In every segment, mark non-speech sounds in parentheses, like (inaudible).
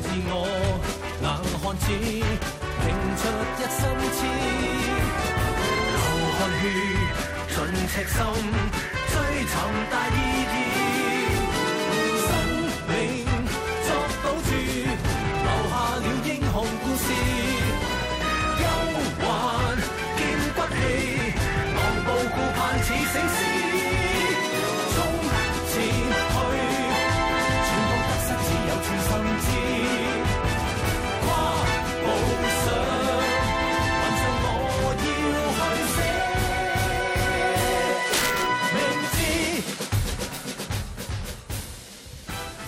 自我硬漢子，拼出一身痴，流汗血，盡赤心，追尋大義。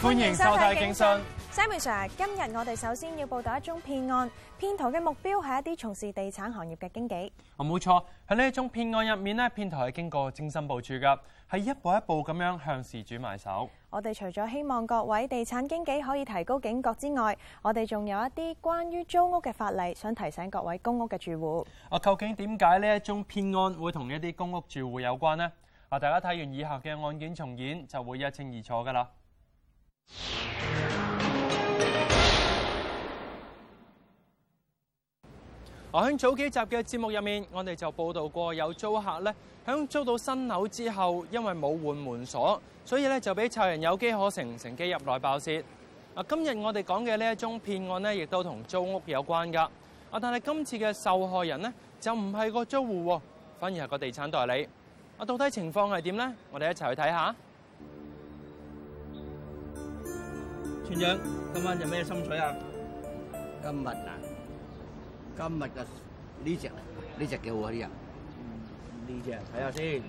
歡迎收睇《警訊》。Sam Sir，今日我哋首先要報道一宗騙案。騙徒嘅目標係一啲從事地產行業嘅經紀。啊，冇錯，喺呢一宗騙案入面呢，騙徒係經過精心部署嘅，係一步一步咁樣向事主埋手。我哋除咗希望各位地產經紀可以提高警覺之外，我哋仲有一啲關於租屋嘅法例想提醒各位公屋嘅住戶。啊，究竟點解呢一宗騙案會同一啲公屋住戶有關呢？啊，大家睇完以下嘅案件重演就會一清二楚噶啦。我喺早幾集嘅節目入面，我哋就報道過有租客咧，響租到新樓之後，因為冇換門鎖，所以咧就俾賊人有機可乘，乘機入內爆竊。啊，今日我哋講嘅呢一宗騙案呢，亦都同租屋有關噶。啊，但係今次嘅受害人呢，就唔係個租戶，反而係個地產代理。啊，到底情況係點呢？我哋一齊去睇下。村長，今晚有咩心水啊？今日啊，今日嘅呢隻呢隻幾好啲啊？呢隻睇下先，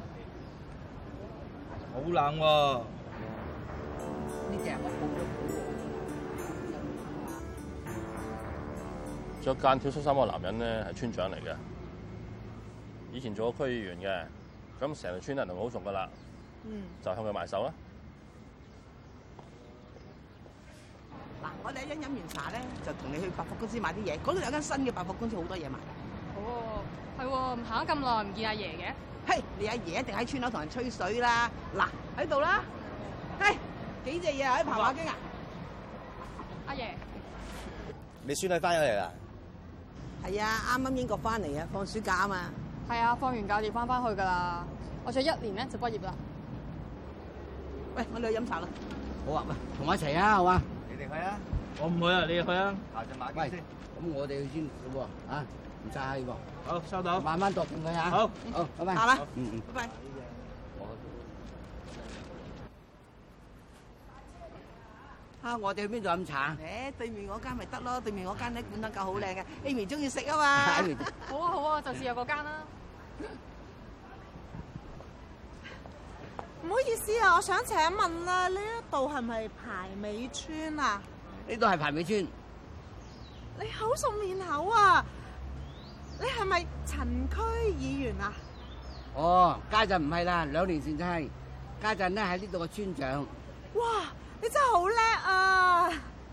好冷喎。呢隻乜好中意喎？着間條恤衫嘅男人呢，係村長嚟嘅，以前做過區議員嘅，咁成個村人都好熟㗎喇。嗯，就向佢埋手啦。我哋一飲飲完茶咧，就同你去百貨公司買啲嘢。嗰度有間新嘅百貨公司，好多嘢賣。哦，係、哦，行咗咁耐唔見阿爺嘅？嘿，hey, 你阿爺一定喺村口同人吹水啦。嗱，喺度啦。嘿、嗯，hey, 幾隻嘢喺爬馬經啊？阿爺，你孫女翻咗嚟啦？係啊，啱啱、啊、英國翻嚟啊，放暑假啊嘛。係啊，放完假就要翻翻去噶啦。我想一年咧就畢業啦。喂，我哋去飲茶啦。好啊，同我一齊啊，好啊。你去啊！我唔去啊，你去啊。下次買貴先。咁我哋去先喎，嚇唔炸氣喎。好，收到。慢慢度點佢啊。好，好，拜拜。好啦，嗯嗯，拜拜。嚇！我哋去邊度飲茶啊？誒，對面嗰間咪得咯，對面嗰間咧，罐冷狗好靚嘅，Amy 中意食啊嘛。好啊，好啊，就試下嗰間啦。唔好意思啊，我想請問啊，呢一度係咪排尾村啊？呢度係排尾村。你好熟面口啊？你係咪陳區議員啊？哦，家陣唔係啦，兩年前真係。家陣咧係呢度個村長。哇，你真係好叻啊！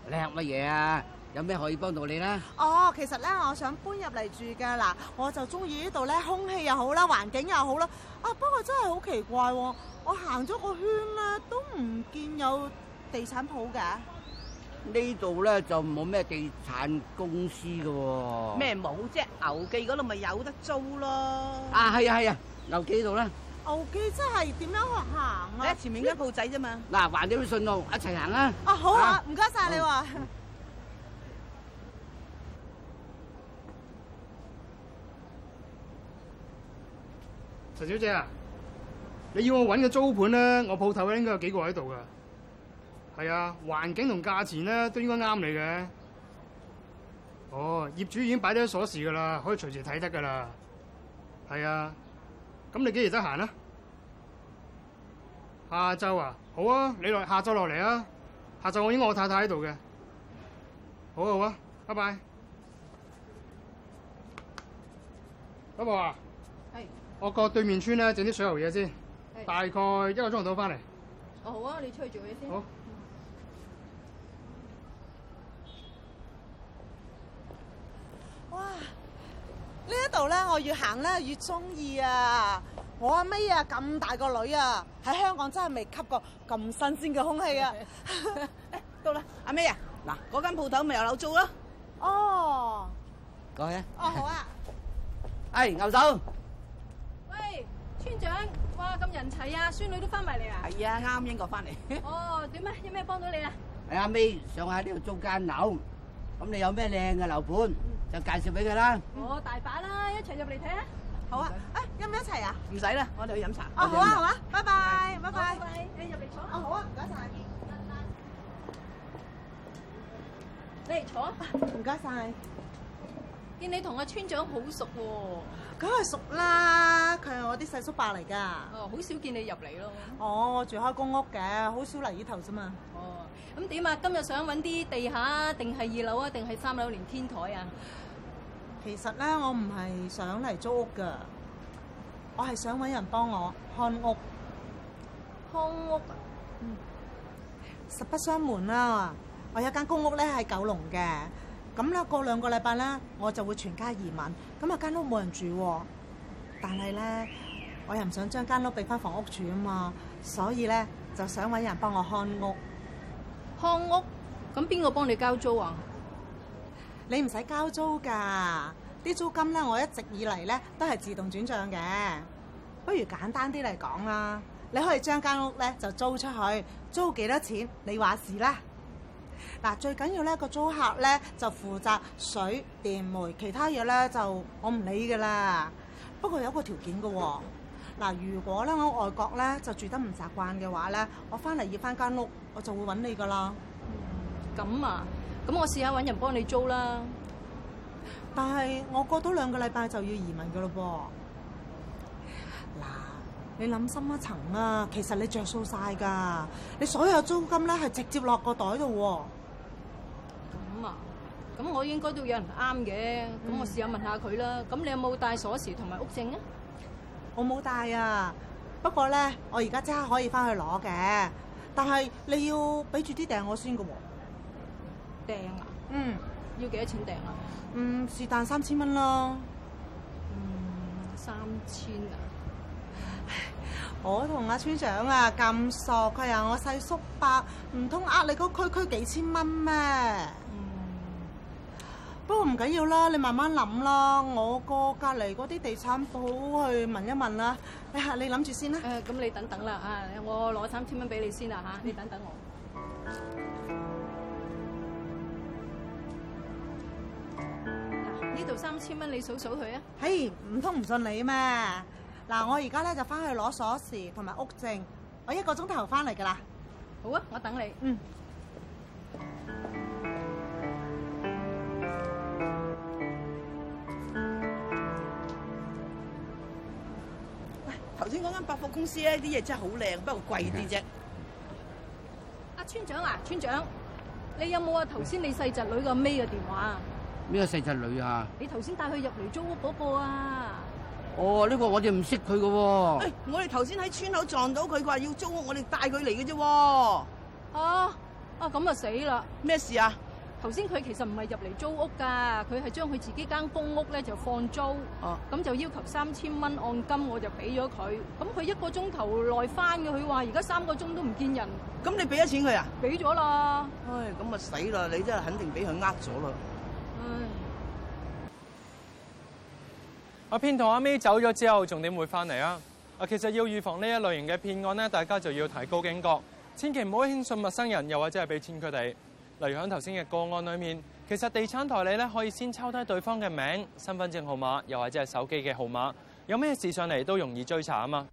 叻乜嘢啊？有咩可以幫到你咧？哦，其實咧，我想搬入嚟住噶。嗱，我就中意呢度咧，空氣又好啦，環境又好啦。啊，不過真係好奇怪喎，我行咗個圈啦，都唔見有地產鋪噶。呢度咧就冇咩地產公司噶喎。咩冇啫？牛記嗰度咪有得租咯。啊，係啊係啊，牛記呢度啦。牛記真係點樣學行啊？你前面間鋪仔啫嘛。嗱，橫啲去順路一齊行啦。啊，好啊，唔該晒你喎。好 (laughs) 陳小姐啊，你要我揾嘅租盤咧，我鋪頭咧應該有幾個喺度噶。係啊，環境同價錢咧都應該啱你嘅。哦，業主已經擺咗鎖匙噶啦，可以隨時睇得噶啦。係啊，咁你幾時得閒啊？下晝啊，好啊，你落下晝落嚟啊。下晝我應該我太太喺度嘅。好啊好啊，拜拜。拜啊。我過對面村咧整啲水喉嘢先，是大概一個鐘頭到翻嚟。哦、oh, 好啊，你出去做嘢先。好。嗯、哇！這裏呢一度咧，我越行咧越中意啊！我阿 May 啊，咁大個女啊，喺香港真係未吸過咁新鮮嘅空氣啊！ (laughs) (laughs) 到啦，阿 May 啊，嗱來，嗰間鋪頭咪有樓做咯。 (laughs) 哦。過去去啊。哦，oh, 好啊。哎，hey, 牛手。村長，哇咁人齊啊，孫女都翻埋嚟啊！係啊，啱英國翻嚟。哦，點啊？有咩幫到你啊？係啊，咪想喺呢度租間樓，咁你有咩靚嘅樓盤就介紹俾佢啦。我大把啦，一齊入嚟睇啊！好啊，啊有冇一齊啊？唔使啦，我哋去飲茶。啊好啊，好啊，拜拜，拜拜。你入嚟坐啊！啊好啊，唔該晒。你嚟坐啊！唔該晒。見你同阿村長好熟喎。啊，梗係熟啦，佢係我啲細叔伯嚟噶。哦，好少見你入嚟咯。哦，我住開公屋嘅，好少嚟呢頭啫嘛。哦，咁點啊？今日想搵啲地下，定係二樓啊，定係三樓連天台啊？其實咧，我唔係想嚟租屋噶，我係想搵人幫我看屋。看屋？嗯。實不相瞞啦，我有間公屋咧，喺九龍嘅。咁啦，過兩個禮拜啦，我就會全家移民。咁啊，間屋冇人住，但係咧，我又唔想將間屋俾翻房屋署啊嘛，所以咧就想揾人幫我看屋。看屋，咁邊個幫你交租啊？你唔使交租㗎，啲租金咧我一直以嚟咧都係自動轉賬嘅。不如簡單啲嚟講啦，你可以將間屋咧就租出去，租幾多錢你話事啦。嗱，最緊要咧個租客咧就負責水電煤，其他嘢咧就我唔理噶啦。不過有個條件噶喎，嗱，如果咧我外國咧就住得唔習慣嘅話咧，我翻嚟要翻間屋，我就會揾你噶啦。咁啊，咁我試下揾人幫你租啦。但係我過多兩個禮拜就要移民噶咯噃。嗱。你諗深一層啊，其實你着數晒噶，你所有租金咧係直接落個袋度。咁啊，咁我應該都有人啱嘅，咁我試下問下佢啦。咁你有冇帶鎖匙同埋屋證？啊，我冇帶啊，不過咧，我而家即刻可以翻去攞嘅，但係你要俾住啲訂我先噶喎。訂啊？嗯。要幾多錢訂啊？嗯，是但三千蚊咯。嗯，三千啊。我同阿村長啊咁傻，佢話我細叔伯，唔通呃你個區區幾千蚊咩？嗯、不過唔緊要啦，你慢慢諗啦，我過隔離嗰啲地產鋪去問一問啦。你嚇你諗住先啦。誒、啊，咁你等等啦啊，我攞三千蚊俾你先啊嚇，你等等我。呢度，嗯啊、三千蚊你數數佢啊。嘿，唔通唔信你咩？嗱，我而家咧就翻去攞鎖匙同埋屋證，我一個鐘頭翻嚟噶啦。好啊，我等你嗯、啊。嗯。喂，頭先嗰間百貨公司咧，啲嘢真係好靚，不過貴啲啫。阿、啊、村長啊，村長，你有冇啊頭先你細侄女個尾嘅電話啊？咩細侄女啊？你頭先帶佢入嚟租屋嗰個啊？哦，呢個我哋唔識佢嘅喎。我哋頭先喺村口撞到佢，佢話要租屋，我哋帶佢嚟嘅啫。啊啊，咁啊死啦！咩事啊？頭先佢其實唔係入嚟租屋㗎，佢係將佢自己間公屋咧就放租。哦、啊，咁就要求三千蚊按金，我就俾咗佢。咁佢一個鐘頭內返嘅，佢話而家三個鐘都唔見人。咁你俾咗錢佢啊？俾咗啦。唉、哎，咁啊死啦！你真係肯定俾佢呃咗啦。我騙徒阿妹走咗之後，仲點會翻嚟啊？啊，其實要預防呢一類型嘅騙案呢，大家就要提高警覺，千祈唔好輕信陌生人，又或者係俾錢佢哋。例如喺頭先嘅個案裏面，其實地產代理咧可以先抄低對方嘅名、身份證號碼，又或者係手機嘅號碼，有咩事上嚟都容易追查啊嘛。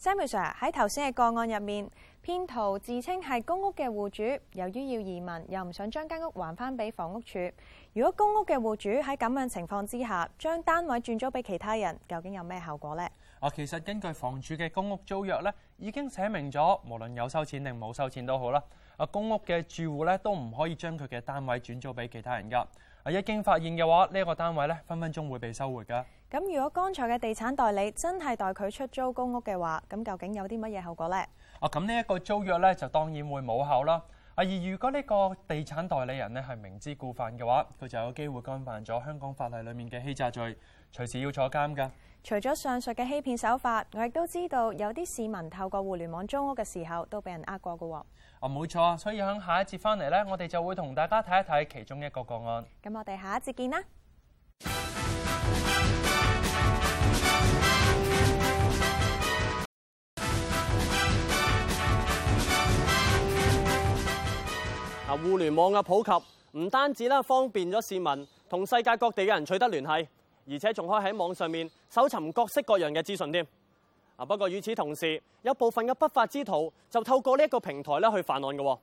Sammy sir 喺頭先嘅個案入面，騙徒自稱係公屋嘅戶主，由於要移民，又唔想將間屋還翻俾房屋處。如果公屋嘅戶主喺咁樣情況之下，將單位轉租俾其他人，究竟有咩後果呢？啊，其實根據房署嘅公屋租約咧，已經寫明咗，無論有收錢定冇收錢都好啦。啊，公屋嘅住戶咧都唔可以將佢嘅單位轉租俾其他人噶。啊，一經發現嘅話，呢一個單位咧分分鐘會被收回噶。咁如果剛才嘅地產代理真係代佢出租公屋嘅話，咁究竟有啲乜嘢後果呢？啊，咁呢一個租約咧就當然會冇效啦。而，如果呢個地產代理人呢，係明知故犯嘅話，佢就有機會干犯咗香港法例裏面嘅欺詐罪，隨時要坐監噶。除咗上述嘅欺騙手法，我亦都知道有啲市民透過互聯網租屋嘅時候都被人呃過噶喎。哦，冇錯，所以響下一節翻嚟咧，我哋就會同大家睇一睇其中一個個案。咁，我哋下一節見啦。互聯網嘅普及唔單止啦，方便咗市民同世界各地嘅人取得聯繫，而且仲可以喺網上面搜尋各式各樣嘅資訊添。啊，不過與此同時，有部分嘅不法之徒就透過呢一個平台咧去犯案嘅。啊，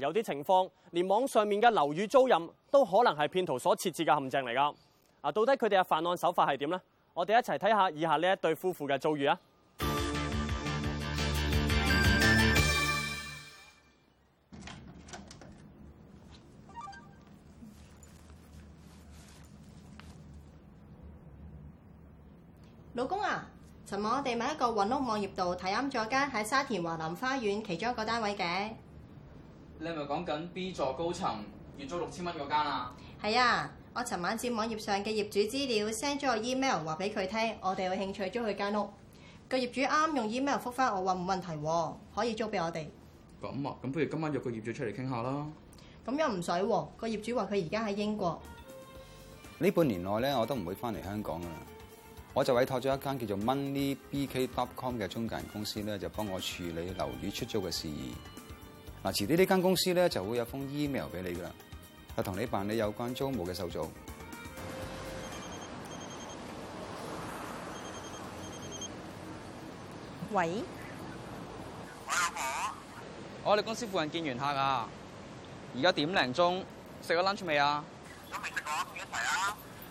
有啲情況連網上面嘅樓宇租賃都可能係騙徒所設置嘅陷阱嚟噶。啊，到底佢哋嘅犯案手法係點呢？我哋一齊睇下以下呢一對夫婦嘅遭遇啊！尋晚我哋咪喺一個搵屋網頁度睇啱咗間喺沙田華林花園其中一個單位嘅。你係咪講緊 B 座高層月租六千蚊嗰間啊？係啊，我尋晚接網頁上嘅業主資料 send 咗個 email 話俾佢聽，我哋有興趣租佢間屋。個業主啱用 email 覆翻我話冇問題，可以租俾我哋。咁啊，咁不如今晚約個業主出嚟傾下啦。咁又唔使，個業主話佢而家喺英國。呢半年內咧，我都唔會翻嚟香港噶啦。我就委託咗一間叫做 MoneyBK.com 嘅中介公司咧，就幫我處理樓宇出租嘅事宜。嗱，遲啲呢間公司咧就會有封 email 俾你噶啦，啊，同你辦理有關租務嘅手續。喂？阿婆，我哋、哦、公司附近見完客啊，而家點零鐘，食咗 lunch 未啊？都未食過，去一齊啊！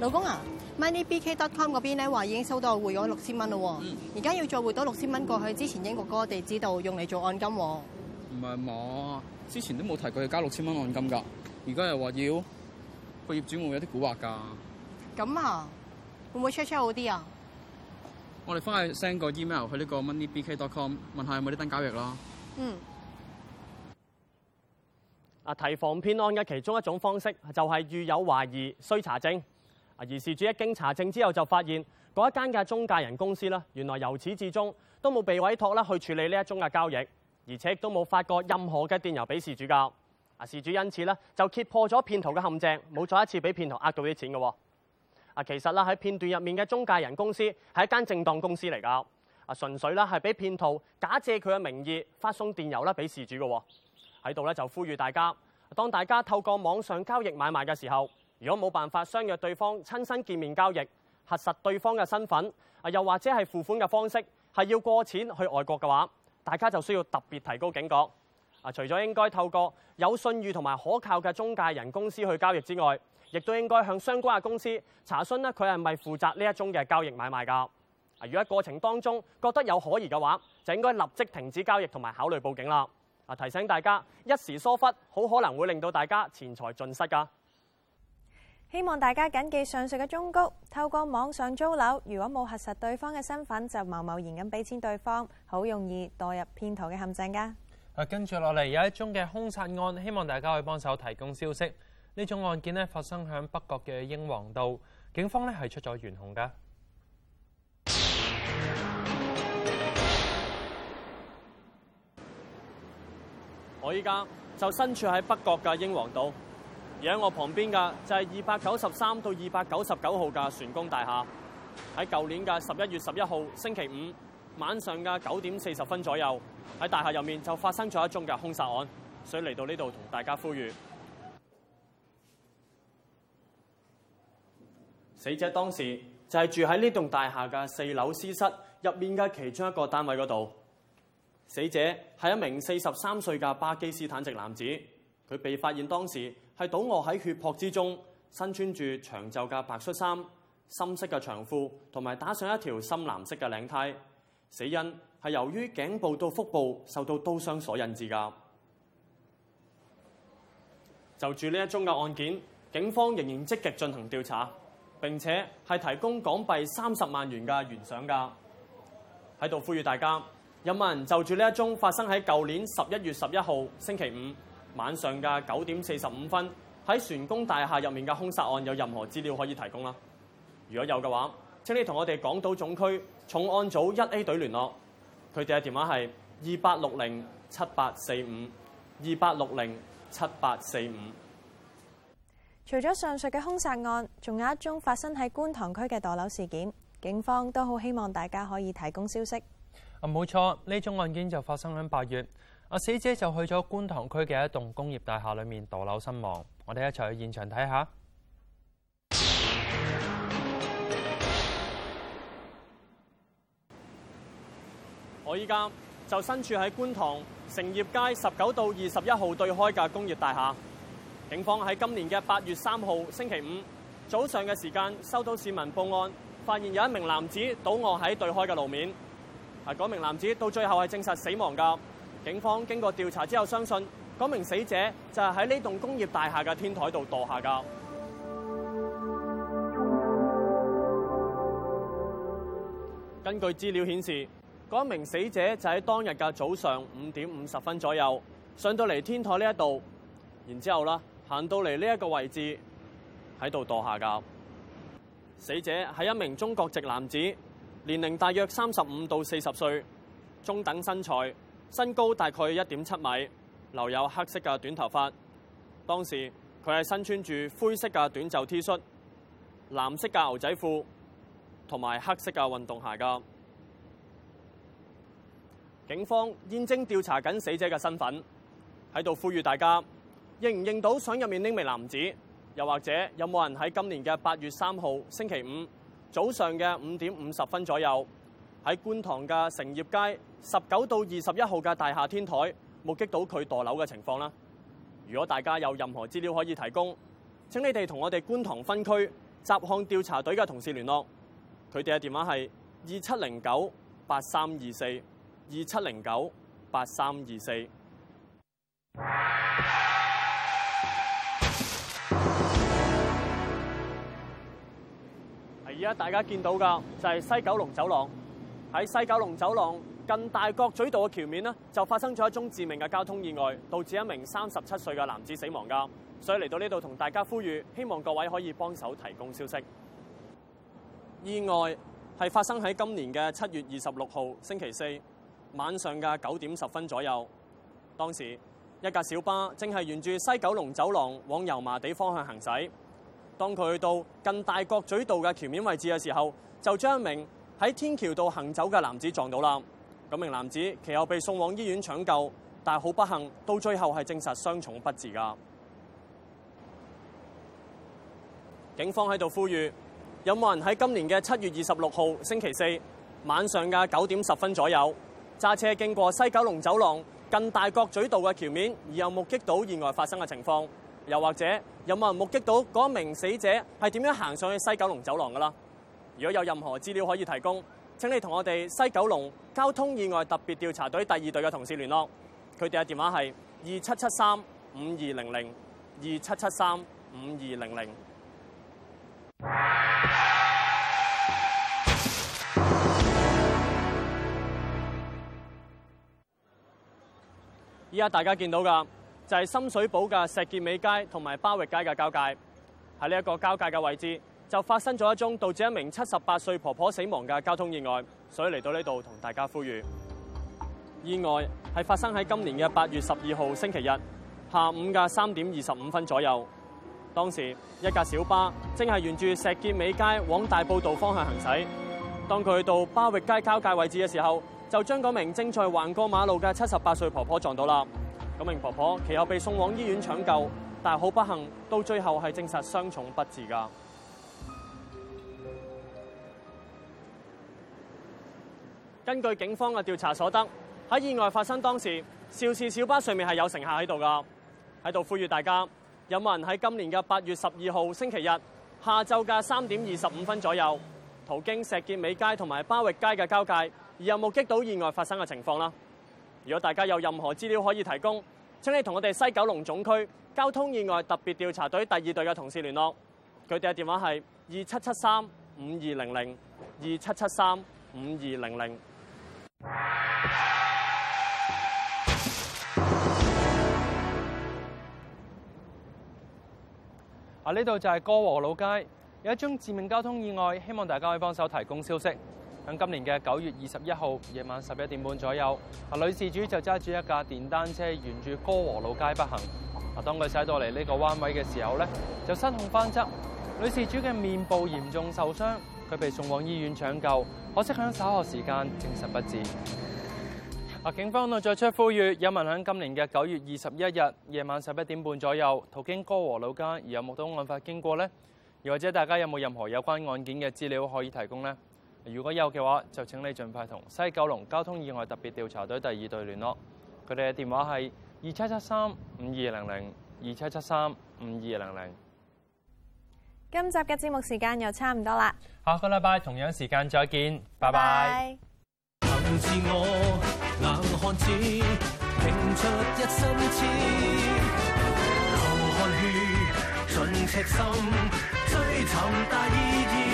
老公啊，Money B K dot com 嗰邊咧話已經收到匯咗六千蚊咯。而家、嗯、要再匯到六千蚊過去之前英國嗰個地址度，用嚟做按金喎、哦。唔係嘛？之前都冇提過要交六千蚊按金㗎，而家又話要，個業主會唔會有啲蠱惑㗎？咁啊，會唔會 check check 好啲啊？我哋翻去 send 個 email 去呢個 Money B K dot com 問下有冇呢單交易咯。嗯。啊，提防騙案嘅其中一種方式就係遇有懷疑需查證。而事主一經查證之後，就發現嗰一間嘅中介人公司啦，原來由始至終都冇被委託啦去處理呢一宗嘅交易，而且亦都冇發過任何嘅電郵俾事主㗎。啊，事主因此咧就揭破咗騙徒嘅陷阱，冇再一次俾騙徒呃到啲錢嘅。啊，其實啦喺片段入面嘅中介人公司係一間正當公司嚟㗎，啊純粹啦係俾騙徒假借佢嘅名義發送電郵啦俾事主嘅。喺度咧就呼籲大家，當大家透過網上交易買賣嘅時候。如果冇辦法相約對方親身見面交易，核實對方嘅身份，啊又或者係付款嘅方式係要過錢去外國嘅話，大家就需要特別提高警覺。啊，除咗應該透過有信譽同埋可靠嘅中介人公司去交易之外，亦都應該向相關嘅公司查詢呢佢係咪負責呢一宗嘅交易買賣㗎。啊，如果過程當中覺得有可疑嘅話，就應該立即停止交易同埋考慮報警啦。啊，提醒大家，一時疏忽，好可能會令到大家錢財盡失㗎。希望大家謹記上述嘅忠告。透過網上租樓，如果冇核實對方嘅身份，就貿貿然咁俾錢對方，好容易墮入騙徒嘅陷阱噶。跟住落嚟有一宗嘅兇殺案，希望大家可以幫手提供消息。呢種案件咧發生響北角嘅英皇道，警方咧係出咗懸紅噶。我依家就身處喺北角嘅英皇道。而喺我旁邊嘅就係二百九十三到二百九十九號嘅船工大廈。喺舊年嘅十一月十一號星期五晚上嘅九點四十分左右，喺大廈入面就發生咗一宗嘅兇殺案，所以嚟到呢度同大家呼籲。死者當時就係住喺呢棟大廈嘅四樓私室入面嘅其中一個單位嗰度。死者係一名四十三歲嘅巴基斯坦籍男子，佢被發現當時。係倒卧喺血泊之中，身穿住長袖嘅白恤衫、深色嘅長褲，同埋打上一條深藍色嘅領呔。死因係由於頸部到腹部受到刀傷所引致噶。就住呢一宗嘅案件，警方仍然積極進行調查，並且係提供港幣三十萬元嘅懸賞噶。喺度呼籲大家，有冇人就住呢一宗發生喺舊年十一月十一號星期五，晚上嘅九點四十五分喺船公大廈入面嘅兇殺案，有任何資料可以提供啦？如果有嘅話，請你同我哋港島總區重案組一 A 隊聯絡，佢哋嘅電話係二八六零七八四五二八六零七八四五。45，除咗上述嘅兇殺案，仲有一宗發生喺觀塘區嘅墮樓事件，警方都好希望大家可以提供消息。啊，冇錯，呢宗案件就發生喺八月。啊！死者就去咗觀塘區嘅一棟工業大廈裏面墮樓身亡。我哋一齊去現場睇下。我依家就身處喺觀塘成業街十九到二十一號對開嘅工業大廈。警方喺今年嘅八月三號星期五早上嘅時間收到市民報案，發現有一名男子倒卧喺對開嘅路面。啊，嗰名男子到最後係證實死亡㗎。警方經過調查之後，相信嗰名死者就係喺呢棟工業大廈嘅天台度墮下㗎。根據資料顯示，嗰一名死者就喺當日嘅早上五點五十分左右上到嚟天台呢一度，然之後啦行到嚟呢一個位置喺度墮下㗎。死者係一名中國籍男子，年齡大約三十五到四十歲，中等身材。身高大概一點七米，留有黑色嘅短頭髮。當時，佢係身穿住灰色嘅短袖 T 恤、藍色嘅牛仔褲同埋黑色嘅運動鞋噶。警方現正調查緊死者嘅身份，喺度呼籲大家認唔認到相入面呢名男子，又或者有冇人喺今年嘅八月三號星期五早上嘅五點五十分左右，喺觀塘嘅成業街十九到二十一號嘅大廈天台，目擊到佢墮樓嘅情況啦。如果大家有任何資料可以提供，請你哋同我哋觀塘分區雜項調查隊嘅同事聯絡，佢哋嘅電話係二七零九八三二四，二七零九八三二四。係而家大家見到嘅就係西九龍走廊。喺西九龍走廊近大角咀道嘅橋面呢，就發生咗一宗致命嘅交通意外，導致一名三十七歲嘅男子死亡噶。所以嚟到呢度同大家呼籲，希望各位可以幫手提供消息。意外係發生喺今年嘅七月二十六號星期四晚上嘅九點十分左右。當時一架小巴正係沿住西九龍走廊往油麻地方向行駛，當佢去到近大角咀道嘅橋面位置嘅時候，就將一名喺天橋度行走嘅男子撞到啦，嗰名男子其後被送往醫院搶救，但好不幸，到最後係證實傷重不治㗎。警方喺度呼籲，有冇人喺今年嘅七月二十六號星期四晚上嘅九點十分左右，揸車經過西九龍走廊近大角咀道嘅橋面，而又目擊到意外發生嘅情況？又或者有冇人目擊到嗰名死者係點樣行上去西九龍走廊㗎喇？如果有任何資料可以提供，請你同我哋西九龍交通意外特別調查隊第二隊嘅同事聯絡，佢哋嘅電話係二七七三五二零零二七七三五二零零。依家大家見到嘅就係、是、深水埗嘅石硤尾街同埋巴域街嘅交界，喺呢一個交界嘅位置。就發生咗一宗導致一名七十八歲婆婆死亡嘅交通意外，所以嚟到呢度同大家呼籲。意外係發生喺今年嘅八月十二號星期日下午嘅三點二十五分左右。當時一架小巴正係沿住石硤尾街往大埔道方向行駛，當佢去到巴域街交界位置嘅時候，就將嗰名正在橫過馬路嘅七十八歲婆婆撞到啦。嗰名婆婆其後被送往醫院搶救，但係好不幸，到最後係證實傷重不治㗎。根據警方嘅調查所得，喺意外發生當時，肇事小巴上面係有乘客喺度噶，喺度呼籲大家有冇人喺今年嘅八月十二號星期日下晝嘅三點二十五分左右，途經石硤尾街同埋巴域街嘅交界，而有目擊到意外發生嘅情況啦。如果大家有任何資料可以提供，請你同我哋西九龍總區交通意外特別調查隊第二隊嘅同事聯絡，佢哋嘅電話係二七七三五二零零，二七七三五二零零。喺呢度就係歌和老街，有一宗致命交通意外，希望大家可以幫手提供消息。喺今年嘅九月二十一號夜晚十一點半左右，啊女事主就揸住一架電單車，沿住歌和老街北行。啊當佢駛到嚟呢個彎位嘅時候呢，就失控翻側，女事主嘅面部嚴重受傷，佢被送往醫院搶救。可惜喺稍後時間證實不治。啊，警方再出呼籲，有民喺今年嘅九月二十一日夜晚十一點半左右途經歌和老街，而有冇睹案發經過呢？又或者大家有冇任何有關案件嘅資料可以提供呢？如果有嘅話，就請你盡快同西九龍交通意外特別調查隊第二隊聯絡，佢哋嘅電話係二七七三五二零零二七七三五二零零。今集嘅節目時間又差唔多啦，下，這個禮拜同樣時間再見，拜拜。拜拜。